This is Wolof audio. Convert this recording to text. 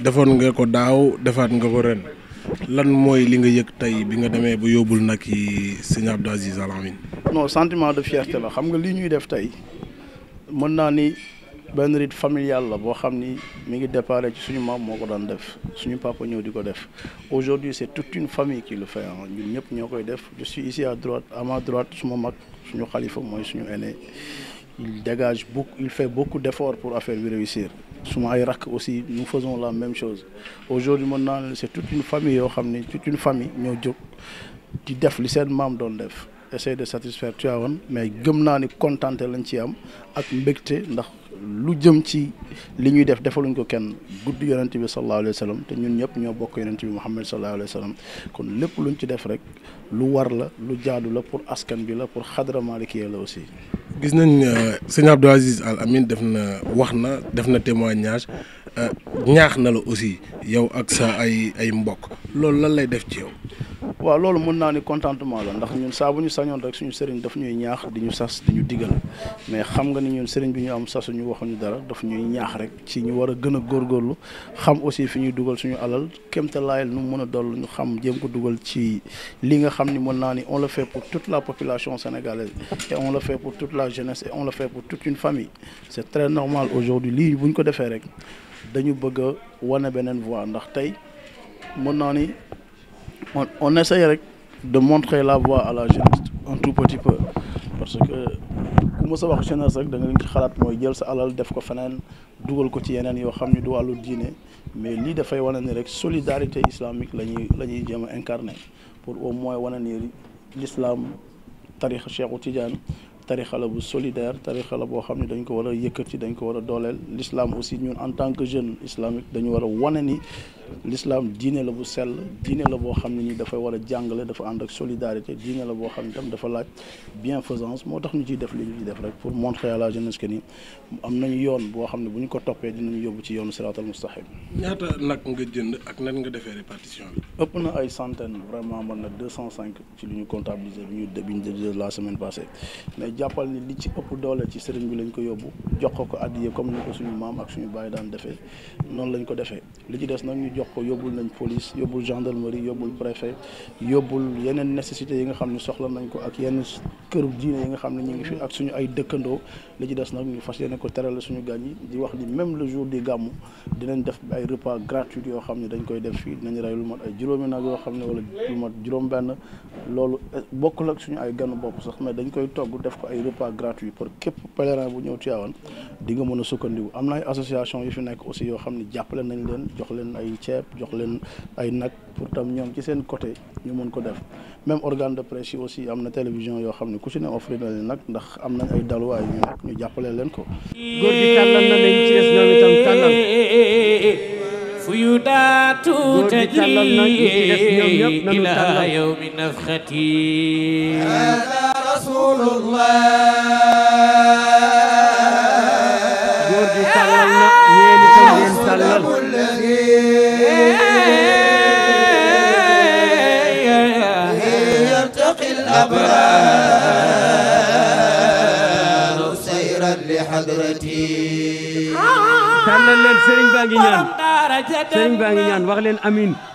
defoon nga ko daaw defaat nga ko ren lan mooy li nga yëg tey bi nga demee ba yóbbul nag yi sëñ Abdou Aziz Al Amine non sentiment de fierté la xam nga li ñuy def tey mën naa ni benn rite familial la boo xam ni mi ngi départ ci suñu maam moo ko daan def suñu papa ñëw di ko def aujourd'hui c'est tout une famille qui le fait ñun ñëpp ñoo koy def je suis à droite à ma suma mag suñu xalifa mooy suñu aîné il dégage beaucoup il fait beaucoup d'efforts pour affaire bi réussir suma ay rakk aussi nous façon la même chose aujourd'hui mën naa ne c'est tout une famille yoo xam ne tout une famille ñoo jóg di def li seen maam doon def essayer de satisfaire Tivaouane mais gëm naa ni kontante lañ ci am ak mbégte ndax lu jëm ci li ñuy def defaluñ ko kenn gudd yonent bi sallallahu alayhi wa te ñun ñëpp ñoo bokk yonent bi Muhammad sallallahu alayhi wa sallam kon lépp luñ ci def rek lu war la lu jaadu la pour askan bi la pour xadra malikiya la aussi gis nañ euh, sëñ Abdou Aziz Al Amine def na wax na def na témoignage euh, ñaax na la aussi yow ak sa ay ay mbokk loolu lan lay def ci yow. waaw loolu mën naa ni contentement la ndax ñun saabuñu bu ñu sañoon rek suñu sëriñ daf ñuy ñaax di ñu sas di ñu digal mais xam nga ni ñun sëriñ bi ñu am sasuñu waxuñu dara daf ñuy ñaax rek ci ñu war a gën a góorgóorlu xam aussi fi ñuy dugal suñu alal kémtalaayal nu mën a doll ñu xam jéem ko dugal ci li nga xam ni mën naa ni on le fait pour toute la population sénégalaise et on le fait pour toute la jeunesse et on le fait pour toute une famille c'est très normal aujourd'hui lii bu ñu ko defee rek dañu bëgg a beneen voie ndax tey mën naa ni on on essaye rek de montrer la voie à la jeunesse un tout petit peu parce que ku mës a wax jeunesse rek da nga ci xalaat mooy jël sa alal def ko feneen dugal ko ci yeneen yoo xam ne du wàllu diine mais lii dafay wane ni rek solidarité islamique la ñuy la ñuy jéem a incarner pour au moins wane ni l'islam tarixa Cheikhu Tidiane tarixa la bu solidaire tarixa la boo xam ne dañ ko war a ci dañ ko war a dooleel l'islam aussi ñun en tant que jeune islamique dañu war a wane ni l'islam diine la bu sell diine la boo xam ne ni dafay war a jàngale dafa ànd ak solidarité diine la boo xam ne tam dafa laaj bienfaisance moo tax ñu ciy def li ñu ciy def rek pour montrer à la jeunesse que ni am nañu yoon boo xam ne bu ñu ko toppee dinañu yóbbu ci yoonu siraatal mustaqim ñaata nag nga jënd ak nan nga defee répartition bi. ëpp na ay centaine vraiment mën na ci li ñu comptabiliser bi ñu def la semaine passée mais jàppal ni li ci ëpp doole ko yóbbu jox ko yóbbul nañ police yóbbul gendarmerie yóbbul préfet yóbbul yeneen nécessité yi nga xam ne soxla nañ ko ak yenn këru diine yi nga xam ne ñu ngi fi ak suñu ay dëkkandoo li ci des nag ñu fas yéene ko terale suñu gan yi di wax ni même le jour du gàmmu dinañ def ay repas gratuits yoo xam ne dañ koy def fii dinañ rey lu mat ay juróomi nag yoo xam ne wala lu juróom-benn loolu eh, bokkul ak suñu ay ganu bopp sax mais dañ koy togg def ko ay repas pour képp pèlerin bu ñëw Tivaouane di nga mën a sukkandiku am na association yu fi nekk aussi yoo xam ne jàppale nañ leen jox leen ay ceeb jox leen ay nag pour tam ñoom ci seen côté ñu mën ko def même organe de presse yi aussi am na télévision yoo xam ne ku ci ne offrir na leen nag ndax am nañ ay daluwaay ñu nag ñu jàppale leen ko. góor gi tàllal na leen ci des ñoom itam tàllal. fu yu daatu tajri ila yawmi nafxati. hada rasulullah. bi tàllal na ñeeni tam ngeen tàllal tàllal leen sëriñ baa ngi ñaan sëriñ baa ngi ñaan wax leen amin